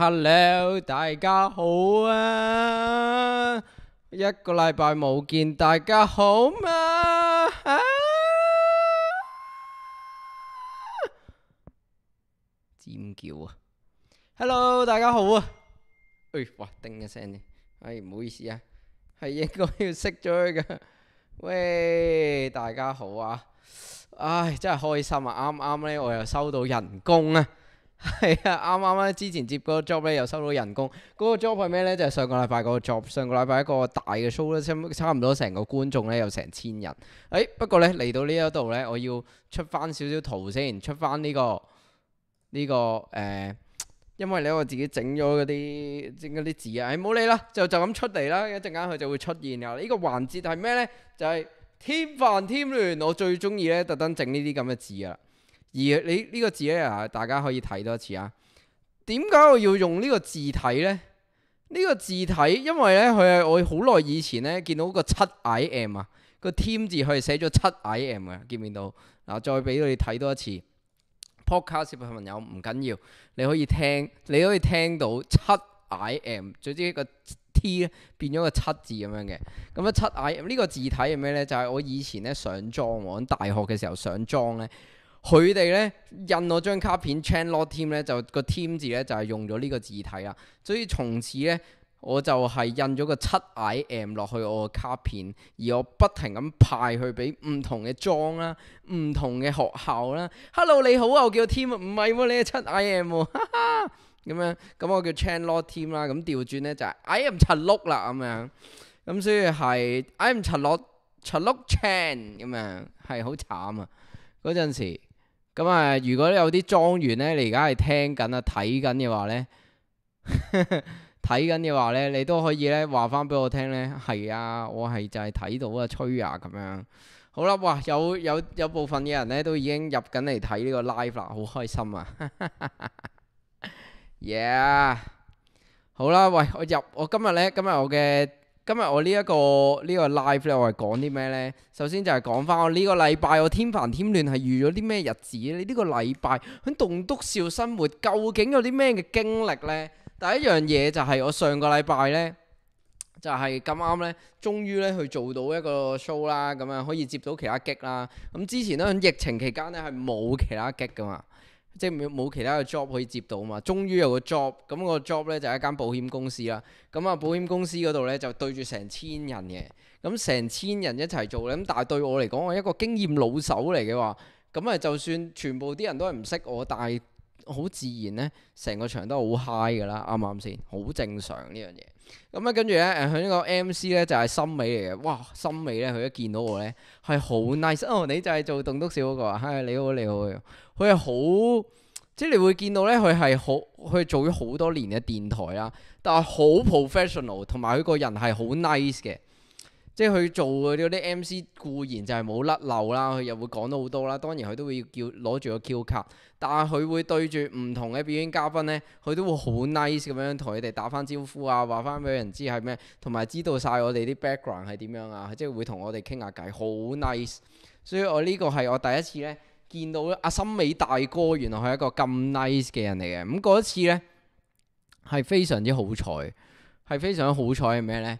Hello，大家好啊！一個禮拜冇見，大家好嘛？尖叫啊！Hello，大家好啊！哎，哇，叮一聲呢，哎，唔好意思啊，係應該要熄咗佢噶。喂，大家好啊！唉，真係開心啊！啱啱呢，我又收到人工啊！係 啊，啱啱咧，之前接嗰個 job 咧又收到人工。嗰、那個 job 係咩呢？就係、是、上個禮拜個 job，上個禮拜一個大嘅 show 咧，差唔多成個觀眾咧有成千人。誒、哎，不過呢，嚟到呢一度呢，我要出翻少少圖先，出翻呢、這個呢、這個誒、呃，因為咧我自己整咗嗰啲整啲字啊。誒，冇理啦，就就咁出嚟啦。一陣間佢就會出現。然、這、呢個環節係咩呢？就係添煩添亂，我最中意咧特登整呢啲咁嘅字啊！而你呢個字咧啊，大家可以睇多一次啊。點解我要用呢個字體呢？呢、呢個字體，因為呢，佢係我好耐以前呢見到個七 IM 啊，個 T 字佢係寫咗七 IM 嘅，見唔見到？嗱，再俾你睇多一次。Podcast 朋友唔緊要，你可以聽，你可以聽到七 IM，總之一個 T 變咗個七字咁樣嘅。咁啊七 IM 呢個字體係咩呢？就係、係、我以前呢上莊喎，喺大學嘅時候上莊呢。佢哋咧印我張卡片 Chan Lok Tim 咧就、個 Tim 字咧就係用咗呢個字體啊，所以從此咧我就係印咗個七 I M 落去我個卡片，而我不停咁派去俾唔同嘅莊啦、唔同嘅學校啦。 Hello 你好啊，我叫 Tim，唔係喎、啊，你係七 I M、啊、哈哈咁樣。咁我叫 Chan Lok Tim 啦，咁調轉咧就係 I M Chan Lok 啦咁樣。咁所以係 I M Chan Lok Chan 咁樣，係好慘啊！嗰陣時。咁啊、嗯，如果有啲莊園咧，你而家係聽緊啊、睇緊嘅話咧，睇緊嘅話咧，你都可以咧話翻俾我聽咧，係啊，我係就係睇到啊，吹啊咁樣。好啦、啊，哇，有有有部分嘅人咧都已經入緊嚟睇呢個 live 啦，好開心啊 ！Yeah，好啦、啊，喂，我入我今日咧，今日我嘅。今日我呢、這、一個呢、這個 live 咧，我係講啲咩咧？首先就係講翻我呢個禮拜我添煩添亂係遇咗啲咩日子，你呢、這個禮拜喺棟篤笑生活究竟有啲咩嘅經歷咧？第一樣嘢就係我上個禮拜咧就係咁啱咧，終於咧去做到一個 show 啦，噉樣可以接到其他 gig 啦。咁、嗯、之前，咧喺疫情期間咧係冇其他 gig 噶嘛。即係冇其他嘅 job 可以接到啊嘛，終於有個 job，咁個 job 咧就係一間保險公司啦。咁啊，保險公司嗰度咧就對住成千人嘅，咁成千人一齊做咧。咁但係對我嚟講，我係一個經驗老手嚟嘅話，咁啊就算全部啲人都係唔識我，但係。好自然呢，成個場都好 high 嘅啦，啱啱先，好正常呢樣嘢。咁咧跟住呢，誒佢呢個 MC 呢，就係森美嚟嘅。哇，森美呢，佢一見到我呢，係好 nice。哦，你就係做棟篤笑嗰個啊？嗨、哎，你好你好。佢係好，即係你會見到呢，佢係好，佢做咗好多年嘅電台啦，但係好 professional，同埋佢個人係好 nice 嘅。即係去做嗰啲 MC，固然就係冇甩漏啦，佢又會講到好多啦。當然佢都會要叫攞住個 Q card，但係佢會對住唔同嘅表演嘉賓咧，佢都會好 nice 咁樣同你哋打翻招呼啊，話翻俾人知係咩，同埋知道晒我哋啲 background 係點樣啊，即係會同我哋傾下偈，好 nice。所以我呢個係我第一次咧見到阿森美大哥，原來係一個咁 nice 嘅人嚟嘅。咁嗰一次咧係非常之好彩，係非常之好彩係咩咧？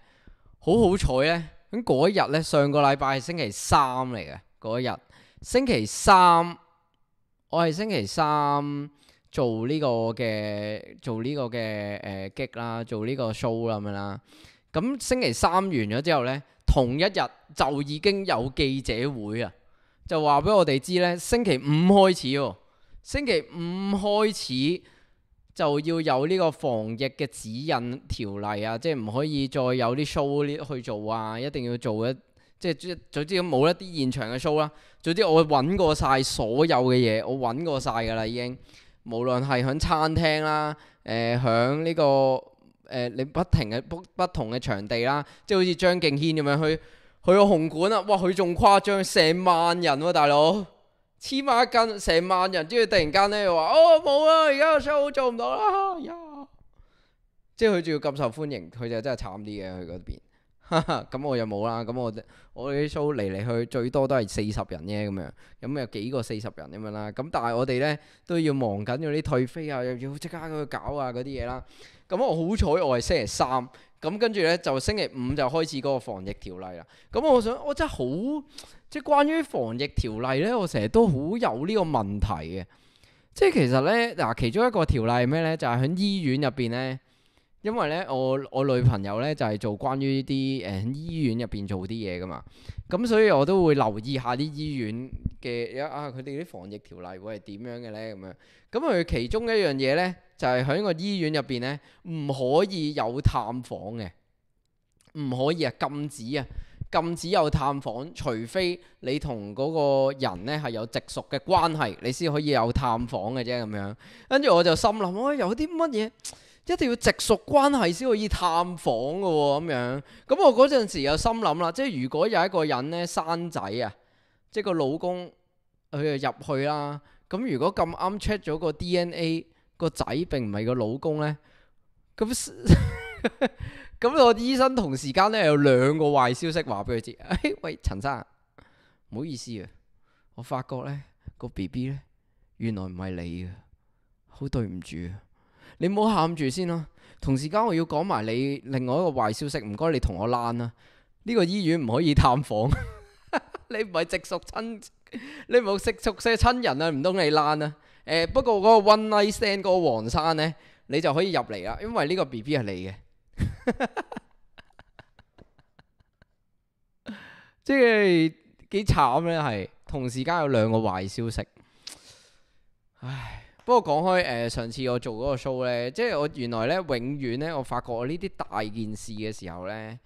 好好彩咧！咁嗰一日咧，上個禮拜係星期三嚟嘅嗰一日。星期三，我係星期三做呢個嘅做呢個嘅誒 gig 啦，做呢個、呃、個 show 啦咁樣啦。咁星期三完咗之後咧，同一日就已經有記者會啊，就話俾我哋知咧，星期五開始喎、哦，星期五開始。就要有呢個防疫嘅指引條例啊，即係唔可以再有啲 show 去做啊，一定要做一即係即係，總之冇一啲現場嘅 show 啦、啊。總之我揾過晒所有嘅嘢，我揾過晒㗎啦已經了了。無論係響餐廳啦，誒響呢個誒、呃、你不停嘅不不同嘅場地啦，即係好似張敬軒咁樣去去個紅館啊，哇！佢仲誇張，成萬人喎、啊，大佬。黐埋一斤，成萬人，之後突然間咧又話：哦，冇啊，而家個 show 做唔到啦。呀！即係佢仲要咁受歡迎，佢就真係慘啲嘅。佢嗰邊，咁我又冇啦。咁我哋我哋啲 show 嚟嚟去最多都係四十人啫咁樣。咁有幾個四十人咁樣啦。咁但係我哋咧都要忙緊嗰啲退飛啊，又要即刻去搞啊嗰啲嘢啦。咁我好彩，我係星期三。咁跟住咧，就星期五就開始嗰個防疫條例啦。咁、嗯、我想，我真係好，即係關於防疫條例咧，我成日都好有呢個問題嘅。即係其實咧，嗱，其中一個條例係咩咧，就係、是、喺醫院入邊咧。因為咧，我我女朋友咧就係、是、做關於啲誒醫院入邊做啲嘢㗎嘛，咁所以我都會留意下啲醫院嘅啊佢哋啲防疫條例會係點樣嘅咧咁樣。咁佢其中一樣嘢咧就係、是、喺個醫院入邊咧唔可以有探訪嘅，唔可以啊禁止啊禁止有探訪，除非你同嗰個人咧係有直屬嘅關係，你先可以有探訪嘅啫咁樣。跟住我就心諗啊、哎，有啲乜嘢？一定要直屬關係先可以探訪㗎喎、哦，咁樣。咁我嗰陣時又心諗啦，即係如果有一個人咧生仔啊，即係個,個老公佢就入去啦。咁如果咁啱 check 咗個 DNA 個仔並唔係個老公咧，咁 咁我醫生同時間咧有兩個壞消息話俾佢知。誒、哎，喂，陳生，唔好意思啊，我發覺咧、個 BB 咧原來唔係你嘅，好對唔住。你唔好喊住先啦、啊，同時間我要講埋你另外一個壞消息，唔該你同我攔啊。呢、這個醫院唔可以探訪， 你唔係直屬親，你唔好識熟些親人啊，唔通你攔啊？誒、欸，不過嗰個 one night stand 嗰個黃生呢，你就可以入嚟啦，因為呢個 B B 係你嘅， 即係幾慘咧，係同時間有兩個壞消息，唉。不過講開，誒、呃、上次我做嗰個 show 咧，即係我原來咧，永遠咧，我發覺我呢啲大件事嘅時候咧，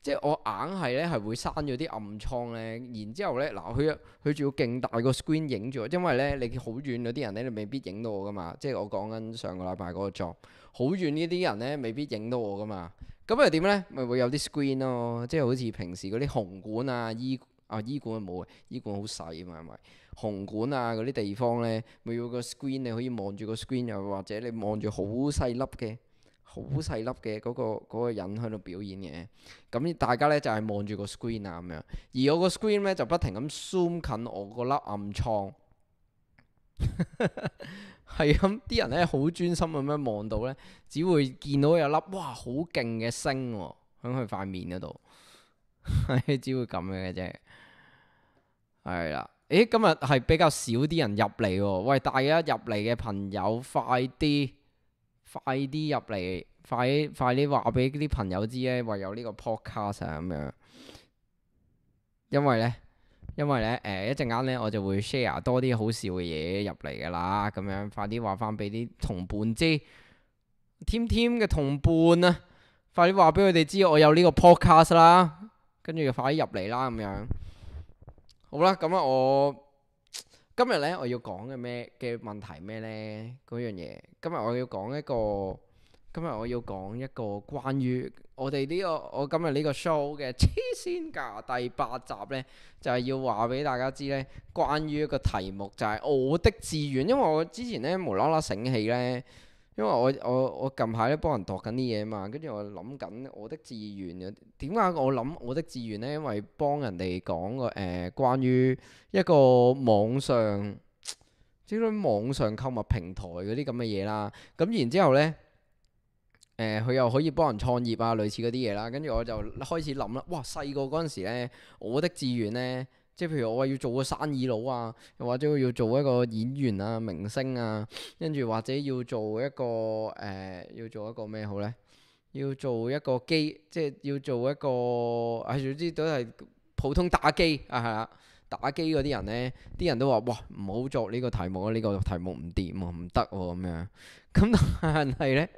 即係我硬係咧係會刪咗啲暗瘡咧，然之後咧，嗱佢佢仲要勁大個 screen 影住，因為咧你好遠嗰啲人咧，你未必影到我噶嘛。即係我講緊上個禮拜嗰個 job 好遠呢啲人咧，未必影到我噶嘛。咁又點咧？咪會有啲 screen 咯，即係好似平時嗰啲紅館啊、醫館啊！伊館係冇嘅，伊館好細啊嘛係咪？紅館啊嗰啲地方呢，咪要個 screen 你可以望住個 screen，又或者你望住好細粒嘅，好細粒嘅嗰個人喺度表演嘅。咁大家呢就係望住個 screen 啊咁樣，而我個 screen 咧就不停咁 zoom 近我個粒暗瘡，係咁啲人呢好專心咁樣望到呢，只會見到有粒哇好勁嘅星喎喺佢塊面嗰度，係 只會咁樣嘅啫。係啦，誒，今日係比較少啲人入嚟喎。喂，大家入嚟嘅朋友快，快啲，快啲入嚟，快啲，快啲話俾啲朋友知咧，話有呢個 podcast 啊，咁樣。因為咧，因為咧，誒、呃，一陣間咧我就會 share 多啲好笑嘅嘢入嚟噶啦，咁樣，快啲話翻俾啲同伴知，添添嘅同伴啊，快啲話俾佢哋知我有呢個 podcast 啦，跟住快啲入嚟啦，咁樣。好啦，咁啊，我今日咧我要講嘅咩嘅問題咩呢？嗰樣嘢，今日我要講一個，今日我要講一個關於我哋呢個我今日呢個 show 嘅黐線架第八集呢，就係要話俾大家知呢，關於一個題目就係我的志願，因為我之前呢無啦啦醒起呢。因為我我我近排咧幫人度緊啲嘢嘛，跟住我諗緊我的志願啊點解我諗我的志願呢？因為幫人哋講個誒關於一個網上即係網上購物平台嗰啲咁嘅嘢啦，咁然之後呢佢、呃、又可以幫人創業啊類似嗰啲嘢啦，跟住我就開始諗啦，哇細個嗰陣時呢我的志願呢？」即係譬如我話要做個生意佬啊，又或者我要做一個演員啊，明星啊，跟住或者要做一個誒、呃，要做一個咩好咧？要做一個機，即係要做一個唉、啊，總之都係普通打機啊，係啦。打機嗰啲人呢，啲人都話：哇，唔好作呢個題目呢、呢個題目唔掂啊，唔得喎咁樣。咁但係呢，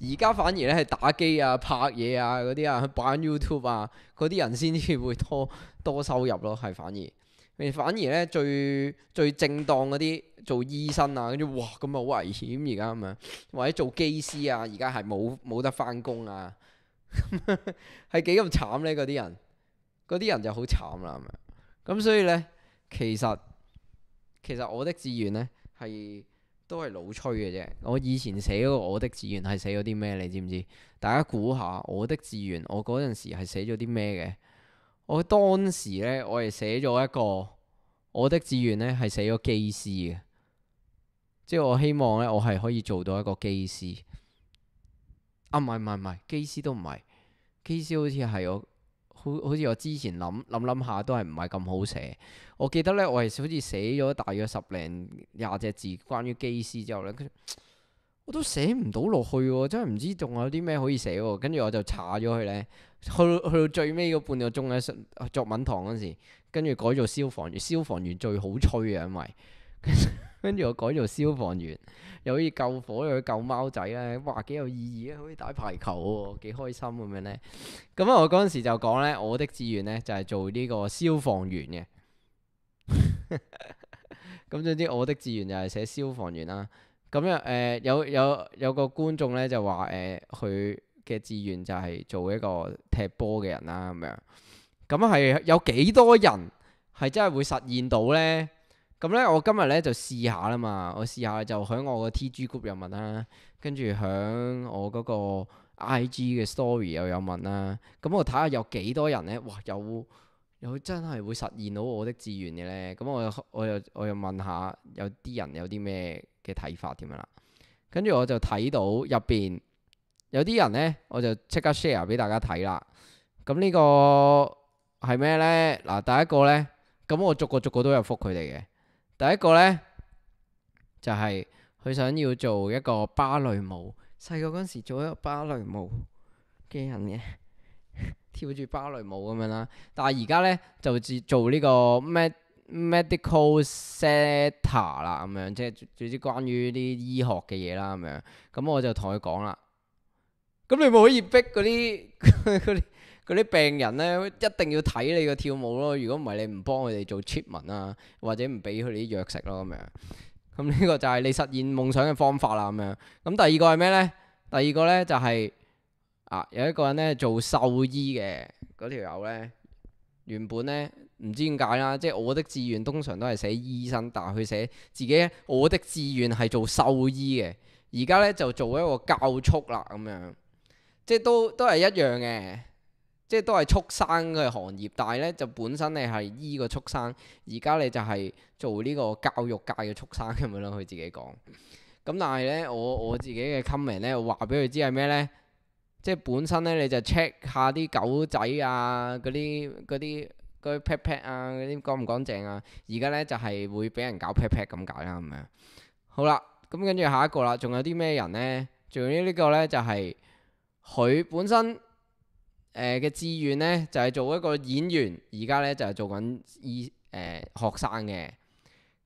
而家反而呢係打機啊、拍嘢啊嗰啲啊，去擺 YouTube 啊，嗰啲、啊、人先至會多多收入咯、啊。係反而，反而呢，最最正當嗰啲做醫生啊，跟住哇咁啊好危險！而家咁樣，或者做機師啊，而家係冇冇得翻工啊，係幾咁慘呢。嗰啲人，嗰啲人就好慘啦咁樣。係。咁所以呢，其實其實我的志願呢，係都係老吹嘅啫。我以前寫嗰個我的志願係寫咗啲咩？你知唔知？大家估下我的志願，我嗰陣時係寫咗啲咩嘅？我當時呢，我係寫咗一個我的志願呢係寫咗機師嘅，即係我希望呢，我係可以做到一個機師。啊，唔係唔係唔係，機師都唔係，機師好似係我。好好似我之前諗諗諗下都係唔係咁好寫。我記得呢，我係好似寫咗大約十零廿隻字關於機師之後呢，我都寫唔到落去喎。真係唔知仲有啲咩可以寫。跟住我就查咗佢呢，去到去到最尾嗰半個鐘嘅作文堂嗰時，跟住改做消防員。消防員最好吹啊，因為， 跟住我改做消防員，又可以救火，又可以救貓仔咧，哇，幾有意義啊！可以打排球喎，幾開心咁樣咧。咁啊，我嗰陣時就講咧，我的志願咧就係做呢個消防員嘅。咁 總之，我的志願就係寫消防員啦。咁啊，誒、呃，有有有個觀眾咧就話，誒、呃，佢嘅志願就係做一個踢波嘅人啦，咁樣。咁係有幾多人係真係會實現到咧？咁咧，我今日咧就試下啦嘛。我試下就喺我個 T G group 又問啦，跟住喺我嗰個 I G 嘅 story 又有問啦。咁我睇下有幾多人咧？哇，有有真係會實現到我的志願嘅咧。咁我我又我又問下有啲人有啲咩嘅睇法點樣啦？跟住我就睇到入邊有啲人咧，我就即刻 share 俾大家睇啦。咁呢個係咩咧？嗱，第一個咧，咁我逐個逐個都有覆佢哋嘅。第一個呢，就係、是、佢想要做一個芭蕾舞，細個嗰時做一個芭蕾舞嘅人嘅，跳住芭蕾舞咁樣啦。但係而家呢，就做做呢個 med，medical center 啦，咁樣即係總之關於啲醫學嘅嘢啦，咁樣。咁我就同佢講啦，咁你咪可，可以逼啲嗰啲。 嗰啲病人咧一定要睇你個跳舞咯。如果唔係，你唔幫佢哋做 treatment 啊，或者唔俾佢哋啲藥食咯，咁樣咁呢個就係你實現夢想嘅方法啦。咁樣咁第二個係咩呢？第二個呢，就係、是、啊有一個人呢做獸醫嘅嗰條友呢，原本呢唔知點解啦，即係我的志願通常都係寫醫生，但係佢寫自己我的志願係做獸醫嘅，而家呢就做一個教畜啦，咁樣即係都都係一樣嘅。即係都係畜生嘅行業，但係咧就本身你係醫個畜生，而家你就係做呢個教育界嘅畜生咁樣咯。佢自己講。咁但係咧，我我自己嘅 comment 咧話俾佢知係咩咧？即係本身咧你就 check 下啲狗仔啊，嗰啲嗰啲嗰啲 pat pat 啊，嗰啲乾唔乾淨啊？而家咧就係、是、會俾人搞 pat pat 咁解啦，咁樣。好啦，咁跟住下一個啦，仲有啲咩人咧？仲有呢呢個咧就係、是、佢本身。誒嘅、呃、志願呢，就係、是、做一個演員，而家呢，就係、是、做緊醫誒學生嘅。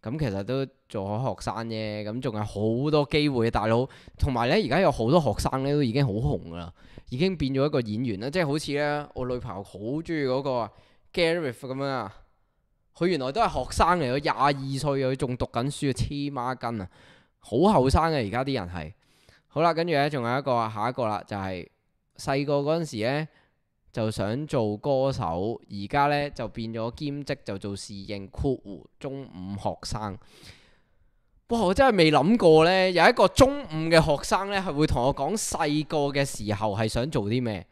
咁其實都做咗學生啫。咁仲有好多機會大佬。同埋呢而家有好多學生呢，都已經好紅啦，已經變咗一個演員啦。即係好似呢，我女朋友好中意嗰個 Gareth 咁樣啊。佢原來都係學生嚟，佢廿二歲啊，佢仲讀緊書啊，黐孖筋啊，好後生嘅。而家啲人係好啦。跟住呢，仲有一個下一個啦，就係細個嗰陣時呢。就想做歌手，而家呢就變咗兼職，就做侍應、括弧，中五學生，哇！我真係未諗過呢，有一個中五嘅學生呢係會同我講，細個嘅時候係想做啲咩？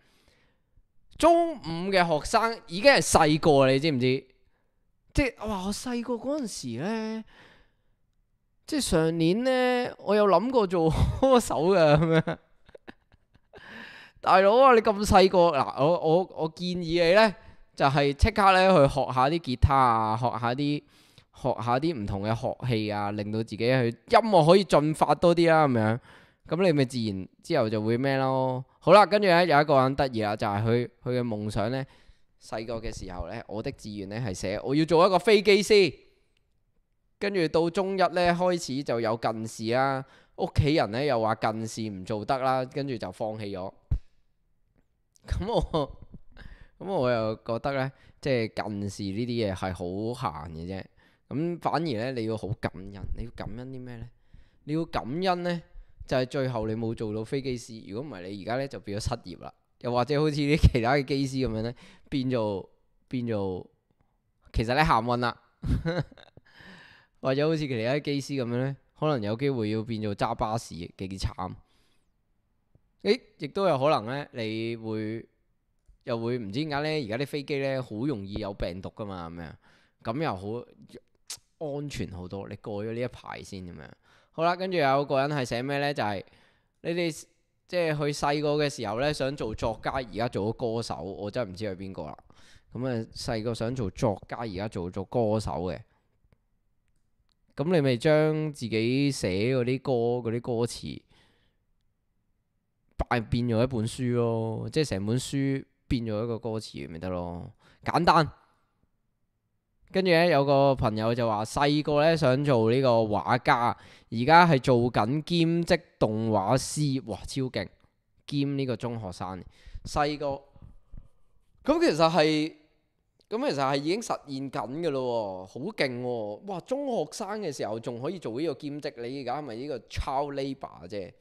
中五嘅學生已經係細個，你知唔知？即係我話我細個嗰陣時呢，即係上年呢，我有諗過做歌手嘅咁樣。 大佬啊！你咁細個嗱，我我我建議你呢，就係即刻呢去學下啲吉他啊，學下啲學下啲唔同嘅樂器啊，令到自己去音樂可以進發多啲啦。咁樣咁你咪自然之後就會咩咯？好啦，跟住呢，有一個人得意啊，就係佢佢嘅夢想呢，細個嘅時候呢，我的志願呢係寫我要做一個飛機師。跟住到中一呢，開始就有近視啦，屋企人呢又話近視唔做得啦，跟住就放棄咗。咁我咁我又覺得呢，即係近視呢啲嘢係好閒嘅啫。咁反而呢，你要好感恩，你要感恩啲咩呢？你要感恩呢，就係最後你冇做到飛機師。如果唔係，你而家呢，就變咗失業啦。又或者好似啲其他嘅機師咁樣呢，變做變做，其實你行運啦， 或者好似其他機師咁樣呢，可能有機會要變做揸巴士，幾慘。誒，亦都有可能呢。你會又會唔知點解呢？而家啲飛機呢，好容易有病毒㗎嘛，咁又好安全好多。你過咗呢一排先咁樣。好啦，跟住有個人係寫咩呢？就係、是、你哋即係佢細個嘅時候呢，想做作家，而家做咗歌手。我真係唔知佢邊個啦。咁、嗯、啊，細個想做作家，而家做咗歌手嘅。咁你咪將自己寫嗰啲歌嗰啲歌詞。大變咗一本書咯，即係成本書變咗一個歌詞咪得咯，簡單。跟住咧有個朋友就話細個咧想做呢個畫家，而家係做緊兼職動畫師，哇超勁兼呢個中學生。細個咁其實係咁其實係已經實現緊嘅咯，好勁喎！哇中學生嘅時候仲可以做呢個兼職，你而家咪呢個抄 l a b e u r 啫。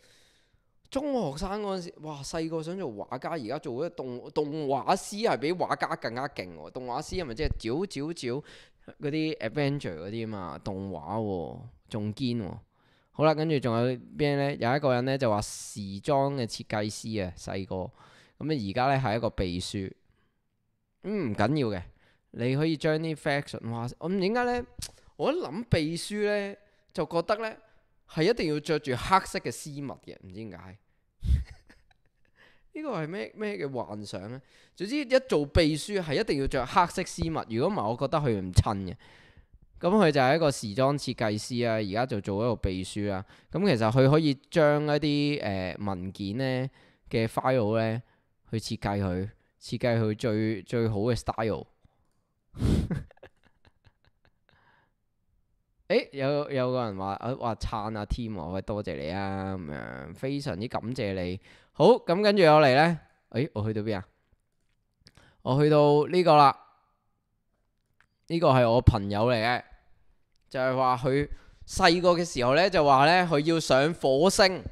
中學生嗰陣時，哇！細個想做畫家，而家做嗰啲動動畫師係比畫家更加勁喎。動畫師係咪即係照照照嗰啲 Avenger 嗰啲啊嘛？動畫喎、哦，仲堅喎。好啦，跟住仲有咩呢？有一個人呢，就話時裝嘅設計師啊，細個咁啊，而家呢，係一個秘書。嗯，唔緊要嘅，你可以將啲 fashion 哇！咁點解呢？我一諗秘書呢，就覺得呢，係一定要着住黑色嘅絲襪嘅，唔知點解。呢個係咩咩嘅幻想咧？總之一做秘書係一定要着黑色絲襪，如果唔係，我覺得佢唔襯嘅。咁佢就係一個時裝設計師啊，而家就做一個秘書啦、啊。咁其實佢可以將一啲誒、呃、文件呢嘅 file 呢去設計佢，設計佢最最好嘅 style。 誒、欸，有有個人話，誒、啊，話撐阿 Tim，我喂，多謝你啊，咁樣非常之感謝你。好，咁跟住我嚟呢，誒、欸，我去到邊啊？我去到呢個啦，呢個係我朋友嚟嘅，就係話佢細個嘅時候呢，就話呢，佢要上火星，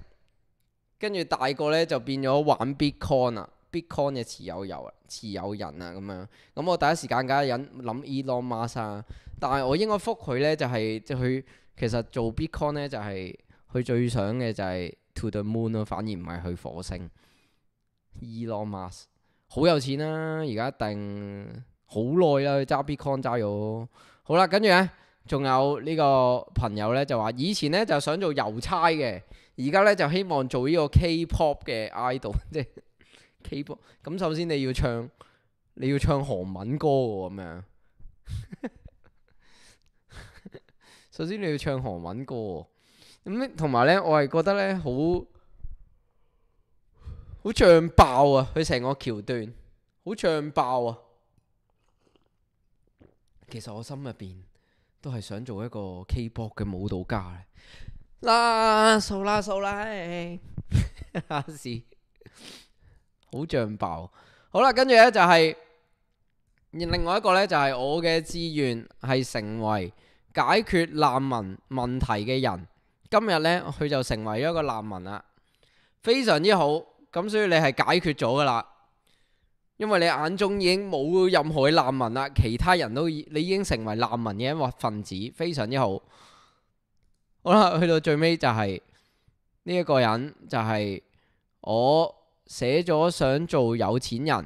跟住大個呢，就變咗玩 Bitcoin 啦。Bitcoin 嘅持有油、持有人啊咁樣，咁我第一時間梗係引諗 Elon Musk 啊，但係我應該覆佢呢，就係，即係佢其實做 Bitcoin 呢，就係、係、佢最想嘅就係 To the Moon 咯、啊，反而唔係去火星。Elon Musk 好有錢啦、啊，而家一定好耐啦，去揸 Bitcoin 揸咗、啊。好啦，跟住呢，仲有呢個朋友呢，就話，以前呢，就想做郵差嘅，而家呢，就希望做呢個 K-pop 嘅 idol 即係。 Kpop 咁，首先你要唱，你要唱韓文歌喎、哦，咁樣。 首先你要唱韓文歌、哦，咁同埋呢，我係覺得呢，好好唱爆啊！佢成個橋段好唱爆啊！其實我心入邊都係想做一個 Kpop 嘅舞蹈家。啊、數啦，數啦，數啦，下次。好像爆，好啦，跟住呢就係，而另外一個呢就係我嘅志願係成為解決難民問題嘅人。今日呢佢就成為咗一個難民啦，非常之好。咁所以你係解決咗噶啦，因為你眼中已經冇任何嘅難民啦，其他人都你已經成為難民嘅一分子，非常之好。好啦，去到最尾就係呢一個人就係我。寫咗想做有錢人，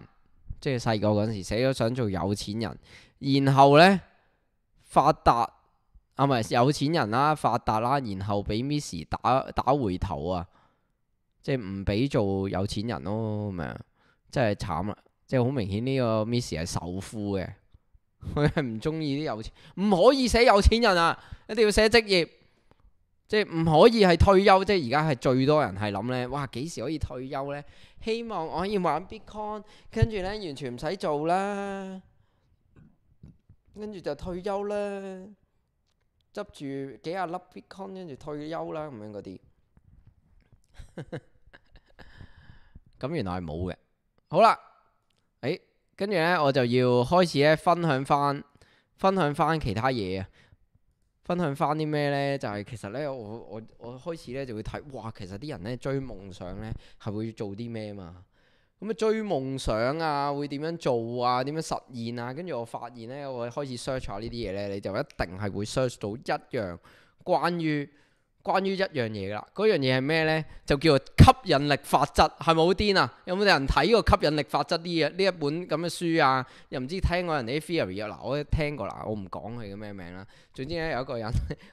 即係細個嗰陣時寫咗想做有錢人，然後呢，發達啊，唔係有錢人啦，發達啦，然後俾 Miss 打打回頭啊，即係唔俾做有錢人咯，咁樣真係慘啊！即係好明顯呢個 Miss 係仇富嘅，佢係唔中意啲有錢，唔可以寫有錢人啊，一定要寫職業。即係唔可以係退休，即係而家係最多人係諗呢：「哇，幾時可以退休呢？希望我可以玩 Bitcoin，跟住呢，完全唔使做啦，跟住就退休啦，執住幾廿粒 Bitcoin 跟住退休啦，咁樣嗰啲。咁 原來係冇嘅。好啦，欸，跟住呢，我就要開始呢分享翻，分享翻其他嘢啊。分享翻啲咩呢？就係、是、其實呢，我我我開始呢就會睇，哇！其實啲人呢追夢想呢係會做啲咩嘛？咁、嗯、啊追夢想啊，會點樣做啊？點樣實現啊？跟住我發現呢，我開始 search 下呢啲嘢呢，你就一定係會 search 到一樣關於。關於一樣嘢啦，嗰樣嘢係咩呢？就叫做吸引力法則，係咪好癲啊？有冇人睇過吸引力法則啲嘢？呢一本咁嘅書啊，又唔知聽過人哋啲 theory 啊？嗱，我聽過啦，我唔講佢嘅咩名啦。總之咧，有一個人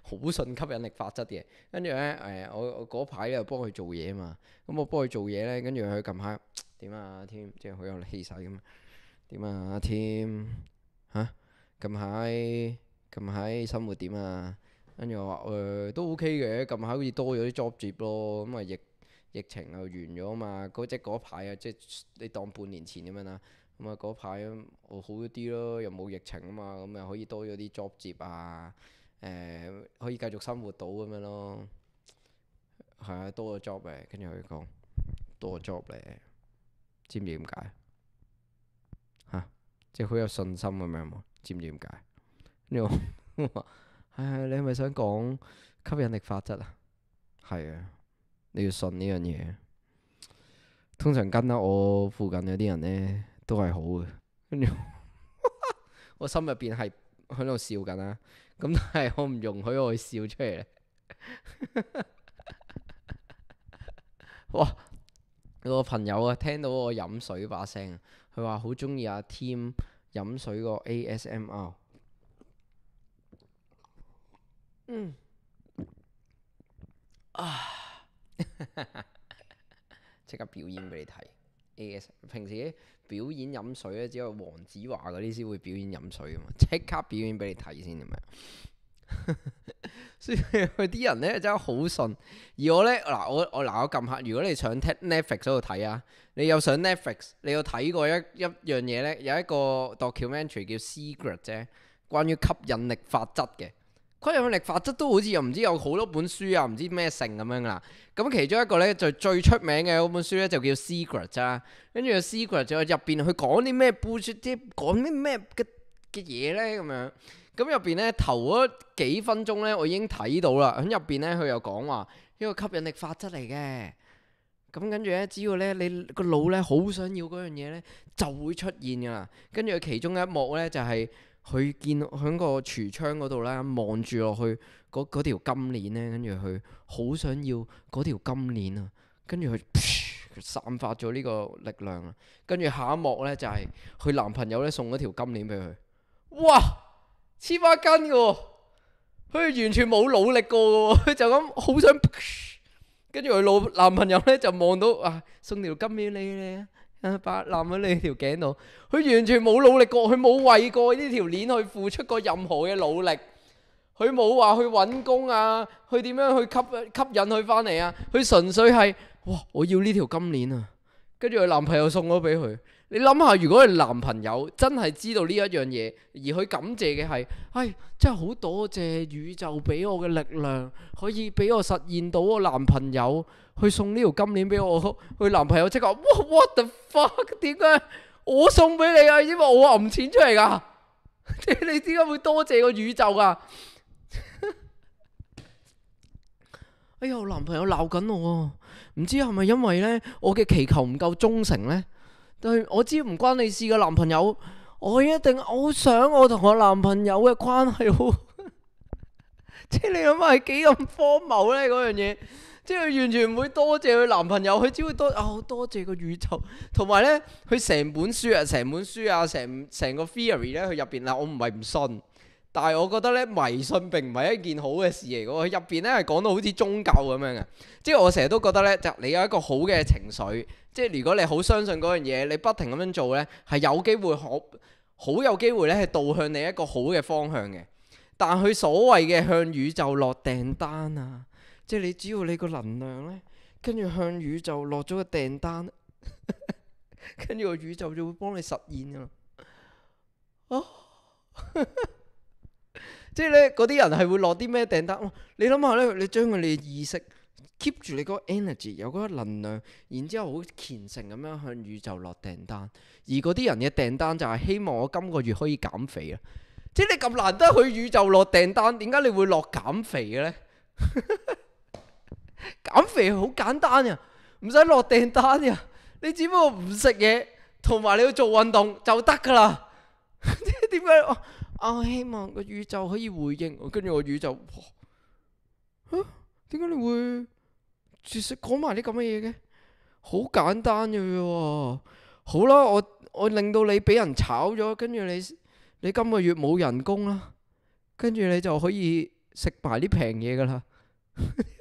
好 信吸引力法則嘅，跟住呢，誒、呃，我嗰排又幫佢做嘢啊嘛。咁我幫佢做嘢呢。跟住佢近排點啊？添即係好有氣勢咁啊？點啊？阿添嚇？近排近排生活點啊？跟住我話誒、呃、都 OK 嘅，近排好似多咗啲 job 接咯，咁啊疫疫情又完咗啊嘛，嗰、那個、即嗰排啊即你當半年前咁樣啦，咁啊嗰排我好咗啲咯，又冇疫情啊嘛，咁啊可以多咗啲 job 接啊，誒、呃、可以繼續生活到咁樣咯，係、嗯、啊多咗 job 嚟，跟住佢講多咗 job 嚟， 知唔知點解？嚇，即好有信心咁樣喎，知唔知點解？跟住我話。係、哎，你係咪想講吸引力法則啊？係啊，你要信呢樣嘢。通常跟得我附近嗰啲人呢都係好嘅。跟住 我心入邊係喺度笑緊啦，咁但係我唔容許我笑出嚟。 哇！我個朋友啊，聽到我飲水把聲，佢話好中意阿 Tim 飲水個 ASMR。嗯啊！即 刻表演俾你睇。A. S. 平時表演飲水咧，只有黃子華嗰啲先會表演飲水噶嘛。即刻表演俾你睇先，咁樣？所以佢啲人咧真係好順。而我咧，嗱，我我嗱我撳下。如果你想聽 Netflix 喺度睇啊，你有上 Netflix，你有睇過一一樣嘢咧？有一個 documentary 叫 Secret 啫，關於吸引力法則嘅。吸引力法則都好似又唔知有好多本書啊，唔知咩性咁樣㗎啦。咁其中一個咧就最出名嘅嗰本書咧就叫 Secret 啦。跟住 Secret 就入邊佢講啲咩 book 講啲咩嘅嘅嘢咧咁樣。咁入邊咧頭嗰幾分鐘咧我已經睇到啦。喺入邊咧佢又講話呢個吸引力法則嚟嘅。咁跟住咧，只要咧你個腦咧好想要嗰樣嘢咧，就會出現噶啦。跟住其中一幕咧就係、是。佢見喺個櫥窗嗰度啦，望住落去嗰條金鏈咧，跟住佢好想要嗰條金鏈啊，跟住佢散發咗呢個力量啊，跟住下一幕咧就係、是、佢男朋友咧送咗條金鏈俾佢，哇，黐孖筋嘅，佢完全冇努力過嘅，佢就咁好想，跟住佢老男朋友咧就望到啊，送條金鏈畀你咧。啊！把攬喺你條頸度，佢完全冇努力過，佢冇為過呢條鏈去付出過任何嘅努力，佢冇話去揾工啊，佢點樣去吸吸引佢翻嚟啊？佢純粹係哇，我要呢條金鏈啊！跟住佢男朋友送咗俾佢。你諗下，如果佢男朋友真係知道呢一樣嘢，而佢感謝嘅係，唉，真係好多謝宇宙畀我嘅力量，可以俾我實現到我男朋友去送呢條金鏈俾我，佢 男朋友即刻：「話，what the fuck？點解我送俾你啊？因為我揞錢出嚟噶， 你點解會多謝個宇宙噶？ 哎喲，男朋友鬧緊我，唔知係咪因為咧我嘅祈求唔夠忠誠咧？對，我知唔關你事嘅男朋友，我一定好想我同我男朋友嘅關係好 想想。即係你諗下係幾咁荒謬咧，嗰樣嘢，即、就、佢、是、完全唔會多謝佢男朋友，佢只會多啊、哦、多謝個宇宙，同埋咧佢成本書啊，成本書啊，成成個 theory 咧，佢入邊啊，面我唔係唔信。但係我覺得咧迷信並唔係一件好嘅事嚟嘅喎，入邊咧係講到好似宗教咁樣嘅，即係我成日都覺得咧，就你有一個好嘅情緒，即係如果你好相信嗰樣嘢，你不停咁樣做咧，係有機會好，好有機會咧係導向你一個好嘅方向嘅。但係佢所謂嘅向宇宙落訂單啊，即係你只要你個能量咧，跟住向宇宙落咗個訂單，跟住個宇宙就會幫你實現啊！啊～ 即係咧，嗰啲人係會落啲咩訂單？你諗下咧，你將佢哋意識 keep 住你嗰個 energy，有嗰個能量，然之後好虔誠咁樣向宇宙落訂單。而嗰啲人嘅訂單就係希望我今個月可以減肥啊！即係你咁難得去宇宙落訂單，點解你會落減肥嘅咧？ 減肥好簡單嘅，唔使落訂單嘅，你只不過唔食嘢同埋你要做運動就得噶啦。即係點 解？我、啊、希望個宇宙可以回應，跟住我、啊哦、我，宇宙嚇，點解你會絕食？講埋啲咁嘅嘢嘅？好簡單嘅，好啦，我我令到你俾人炒咗，跟住你你今個月冇人工啦，跟住你就可以食埋啲平嘢噶啦。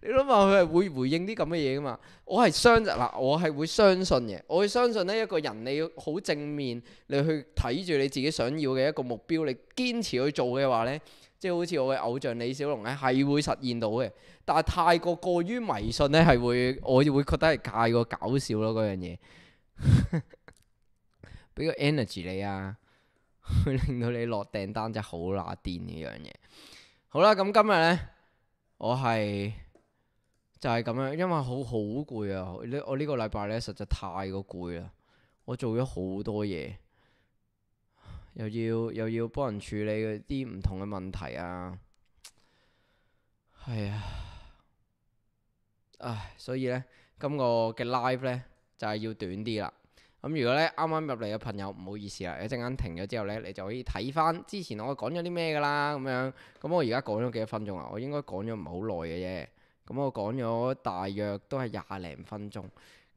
你諗下，佢係會回應啲咁嘅嘢㗎嘛？我係相嗱，我係會相信嘅。我會相信呢一個人你要好正面，你去睇住你自己想要嘅一個目標，你堅持去做嘅話呢，即係好似我嘅偶像李小龍呢，係會實現到嘅。但係太過過於迷信呢，係會我會覺得係太過搞笑咯。嗰樣嘢俾 個 energy 你啊，去 令到你落訂單真係好乸癲呢樣嘢。好啦，咁今日呢，我係。就係咁樣，因為好好攰啊！呢我呢個禮拜咧，實在太過攰啦，我做咗好多嘢，又要又要幫人處理啲唔同嘅問題啊，係啊，唉，所以咧，今個嘅 live 咧就係要短啲啦。咁如果咧啱啱入嚟嘅朋友唔好意思啦，一陣間停咗之後咧，你就可以睇翻之前我講咗啲咩噶啦，咁樣。咁我而家講咗幾多分鐘啊？我應該講咗唔係好耐嘅啫。咁我講咗大約都係廿零分鐘，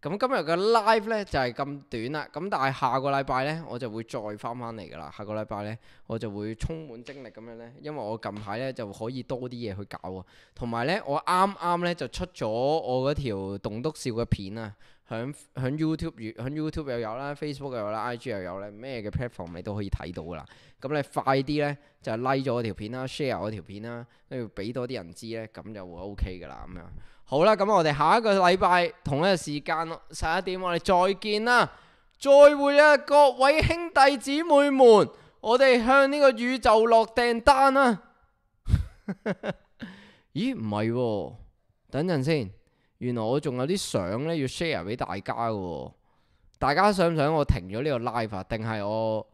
咁今日嘅 live 呢就係咁短啦。咁但係下個禮拜呢，我就會再翻翻嚟㗎啦。下個禮拜呢，我就會充滿精力咁樣呢，因為我近排呢就可以多啲嘢去搞啊。同埋呢，我啱啱呢就出咗我嗰條棟篤笑嘅片啊！響響 YouTube，又響 YouTube 又有啦，Facebook 又有啦，IG 又有啦，咩嘅 platform 你都可以睇到噶啦。咁你快啲咧，就 like 咗條片啦，share 嗰條片啦，跟住俾多啲人知咧，咁就會 OK 噶啦。咁、嗯、樣好啦，咁我哋下一個禮拜同一個時間十一點，我哋再見啦，再會啊，各位兄弟姊妹們，我哋向呢個宇宙落訂單 啊！咦，唔係喎，等陣先。原來我仲有啲相呢要 share 俾大家嘅、哦，大家想唔想我停咗呢個 live 啊？定係我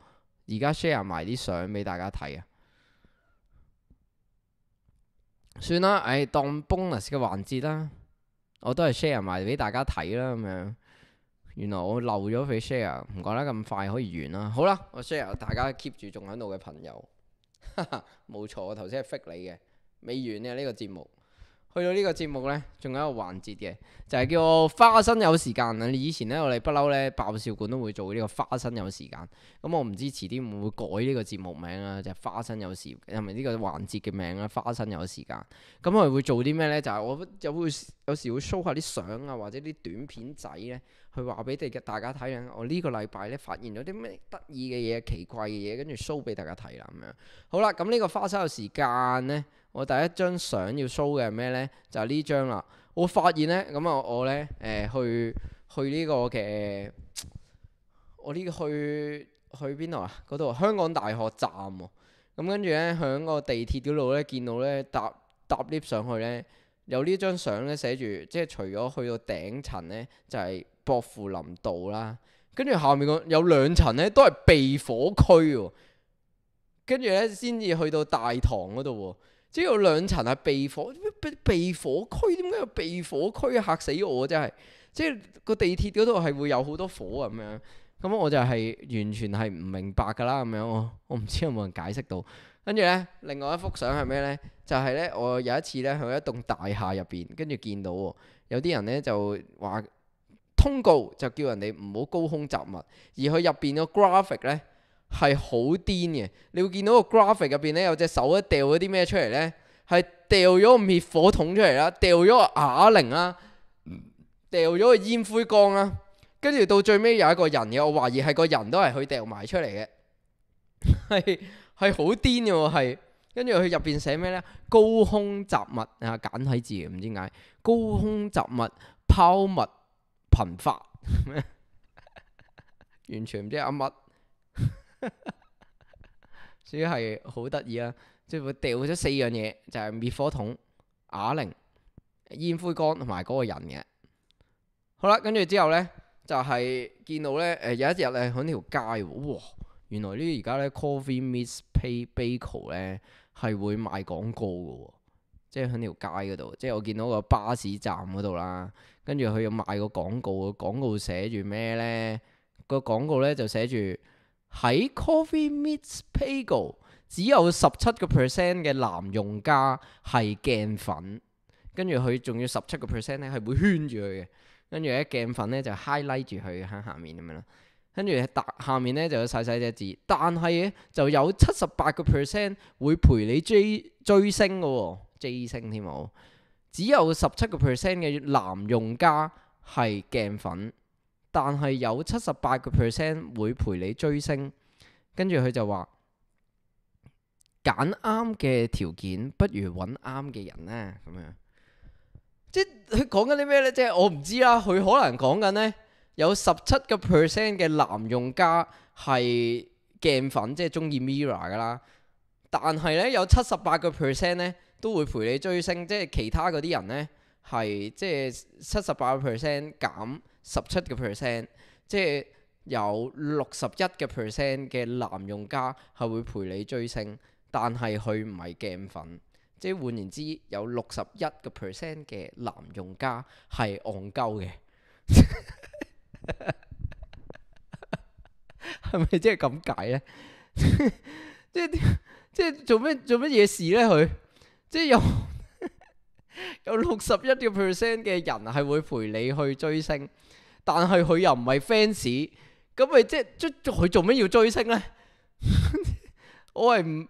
而家 share 埋啲相俾大家睇啊？算啦，誒、哎、當 bonus 嘅環節啦、啊，我都係 share 埋俾大家睇啦咁樣。原來我漏咗佢 share，唔怪得咁快可以完啦、啊。好啦，我 share 大家 keep 住仲喺度嘅朋友，哈哈，冇錯，我頭先係 fit 你嘅，未完啊呢、這個節目。去到呢個節目呢，仲有一個環節嘅，就係、是、叫花生有時間啊！以前呢，我哋不嬲呢爆笑館都會做呢個花生有時間。咁我唔知遲啲會唔會改呢個節目名啊，就係花生有時，係咪呢個環節嘅名啊？「花生有時間。咁我會做啲、這、咩、個嗯就是嗯、呢？就係、是、我有會有時會 show 下啲相啊，或者啲短片仔呢。去話俾你嘅大家睇咧，我呢個禮拜咧發現咗啲咩得意嘅嘢、奇怪嘅嘢，跟住 show 俾大家睇啦咁樣。好啦，咁呢個花生嘅時間咧，我第一張相要 show 嘅係咩咧？就係、是、呢張啦。我發現咧，咁啊，我咧誒去去呢個嘅，我呢、呃、去去邊度、這個、啊？嗰度香港大學站喎、啊。咁、嗯、跟住咧，響個地鐵嗰度咧，見到咧搭搭 lift 上去咧，有呢張相咧寫住，即係除咗去到頂層咧，就係、是。薄扶林道啦，跟住下面個有兩層咧，都係避火區，跟住咧先至去到大堂嗰度，即係有兩層係避火避火區，點解有避火區啊？嚇死我啊！真係，即係個地鐵嗰度係會有好多火啊，咁樣，咁我就係完全係唔明白噶啦，咁樣我我唔知有冇人解釋到。跟住咧，另外一幅相係咩咧？就係咧，我有一次咧去一棟大廈入邊，跟住見到有啲人咧就話。通告就叫人哋唔好高空雜物，而佢入邊個 graphic 咧係好癲嘅。你會見到個 graphic 入邊咧有隻手一掉咗啲咩出嚟咧，係掉咗個滅火筒出嚟啦，掉咗個啞鈴啦，掉咗個煙灰缸啦，跟住到最尾有一個人嘅，我懷疑係個人都係佢掉埋出嚟嘅，係係好癲嘅喎。係跟住佢入邊寫咩咧？高空雜物啊，看看簡體字唔知點解，高空雜物拋物。頻發， 完全唔知阿乜， 所以係好得意啊。即係會掉咗四樣嘢，就係、是、滅火筒、啞鈴、煙灰缸同埋嗰個人嘅。好啦，跟住之後咧，就係、是、見到咧，誒有一日咧喺條街喎、喔，原來呢而家咧 Coffee Miss Pay Baker 咧係會賣廣告嘅喎。即係喺條街嗰度，即係我見到個巴士站嗰度啦。跟住佢要賣個廣告，廣告寫住咩呢？個廣告呢就寫住喺 Coffee Meets Bagel 只有十七個 percent 嘅男用家係鏡粉，跟住佢仲要十七個 percent 咧係會圈住佢嘅。跟住呢鏡粉咧就 highlight 住佢喺下面咁樣啦。跟住下下面呢就有細細隻字，但係呢就有七十八個 percent 會陪你追追星嘅喎。J 星添冇，ing, 只有十七個 percent 嘅男用家係鏡粉，但係有七十八個 percent 會陪你追星。跟住佢就話「揀啱嘅條件，不如揾啱嘅人呢。」咁樣。即係佢講緊啲咩呢？即係我唔知啦。佢可能講緊呢：「有十七個 percent 嘅男用家係鏡粉，即係中意 Mirror 噶啦。但係呢，有七十八個 percent 呢。都會陪你追星，即係其他嗰啲人呢，係即係七十八個 percent 減十七個 percent，即係有六十一個 percent 嘅男用家係會陪你追星，但係佢唔係鏡粉，即係換言之，有六十一個 percent 嘅男用家係戇鳩嘅，係咪即係咁解呢？ 即係做咩做乜嘢事呢？佢？即係有 有六十一個 percent 嘅人係會陪你去追星，但係佢又唔係 fans，咁咪即係佢做咩要追星呢？ 我係唔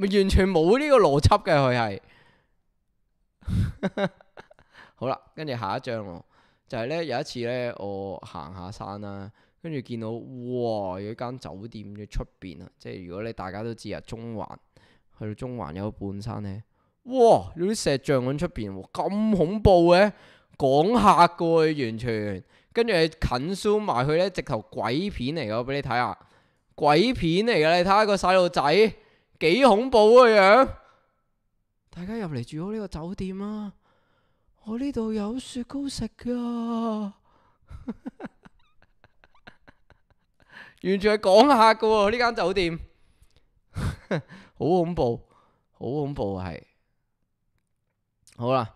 完全冇呢個邏輯嘅，佢係好啦，跟住下一張咯，就係、是、呢。有一次呢，我行下山啦、啊，跟住見到哇，有一間酒店嘅出邊啊，即係如果你大家都知啊，中環去到中環有個半山呢。哇！有啲石像喺出邊，咁恐怖嘅，講下嘅完全。跟住你近 show 埋去呢直頭鬼片嚟嘅，我俾你睇下，鬼片嚟嘅。你睇下個細路仔，幾恐怖啊樣。大家入嚟住好呢個酒店啊！我呢度有雪糕食噶、啊， 完全係講下嘅喎，呢間酒店，好 恐怖，好恐怖啊係。好啦，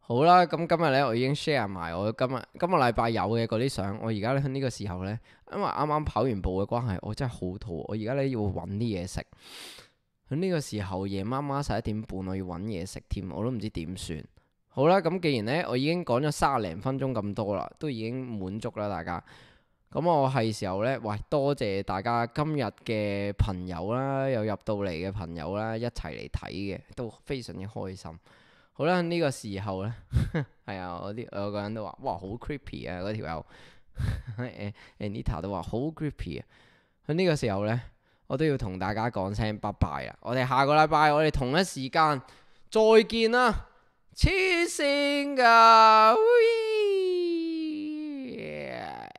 好啦，咁今日呢，我已經 share 埋我今日今個禮拜有嘅嗰啲相。我而家呢，喺、這、呢個時候呢，因為啱啱跑完步嘅關係，我真係好肚餓。我而家呢，要搵啲嘢食。喺、嗯、呢、這個時候，夜晚晚十一點半，我要搵嘢食添，我都唔知點算。好啦，咁既然呢，我已經講咗三零分鐘咁多啦，都已經滿足啦，大家。咁我係時候呢，喂，多謝大家今日嘅朋友啦，又入到嚟嘅朋友啦，一齊嚟睇嘅都非常之開心。好啦，呢、呢個時候呢，係啊，我啲我個人都話，哇，好 creepy 啊，嗰條友。誒 Nita 都話好 creepy 啊。喺、呢、呢個時候呢，我都要同大家講聲拜拜啦。我哋下個禮拜，我哋同一時間再見啦，黐線㗎。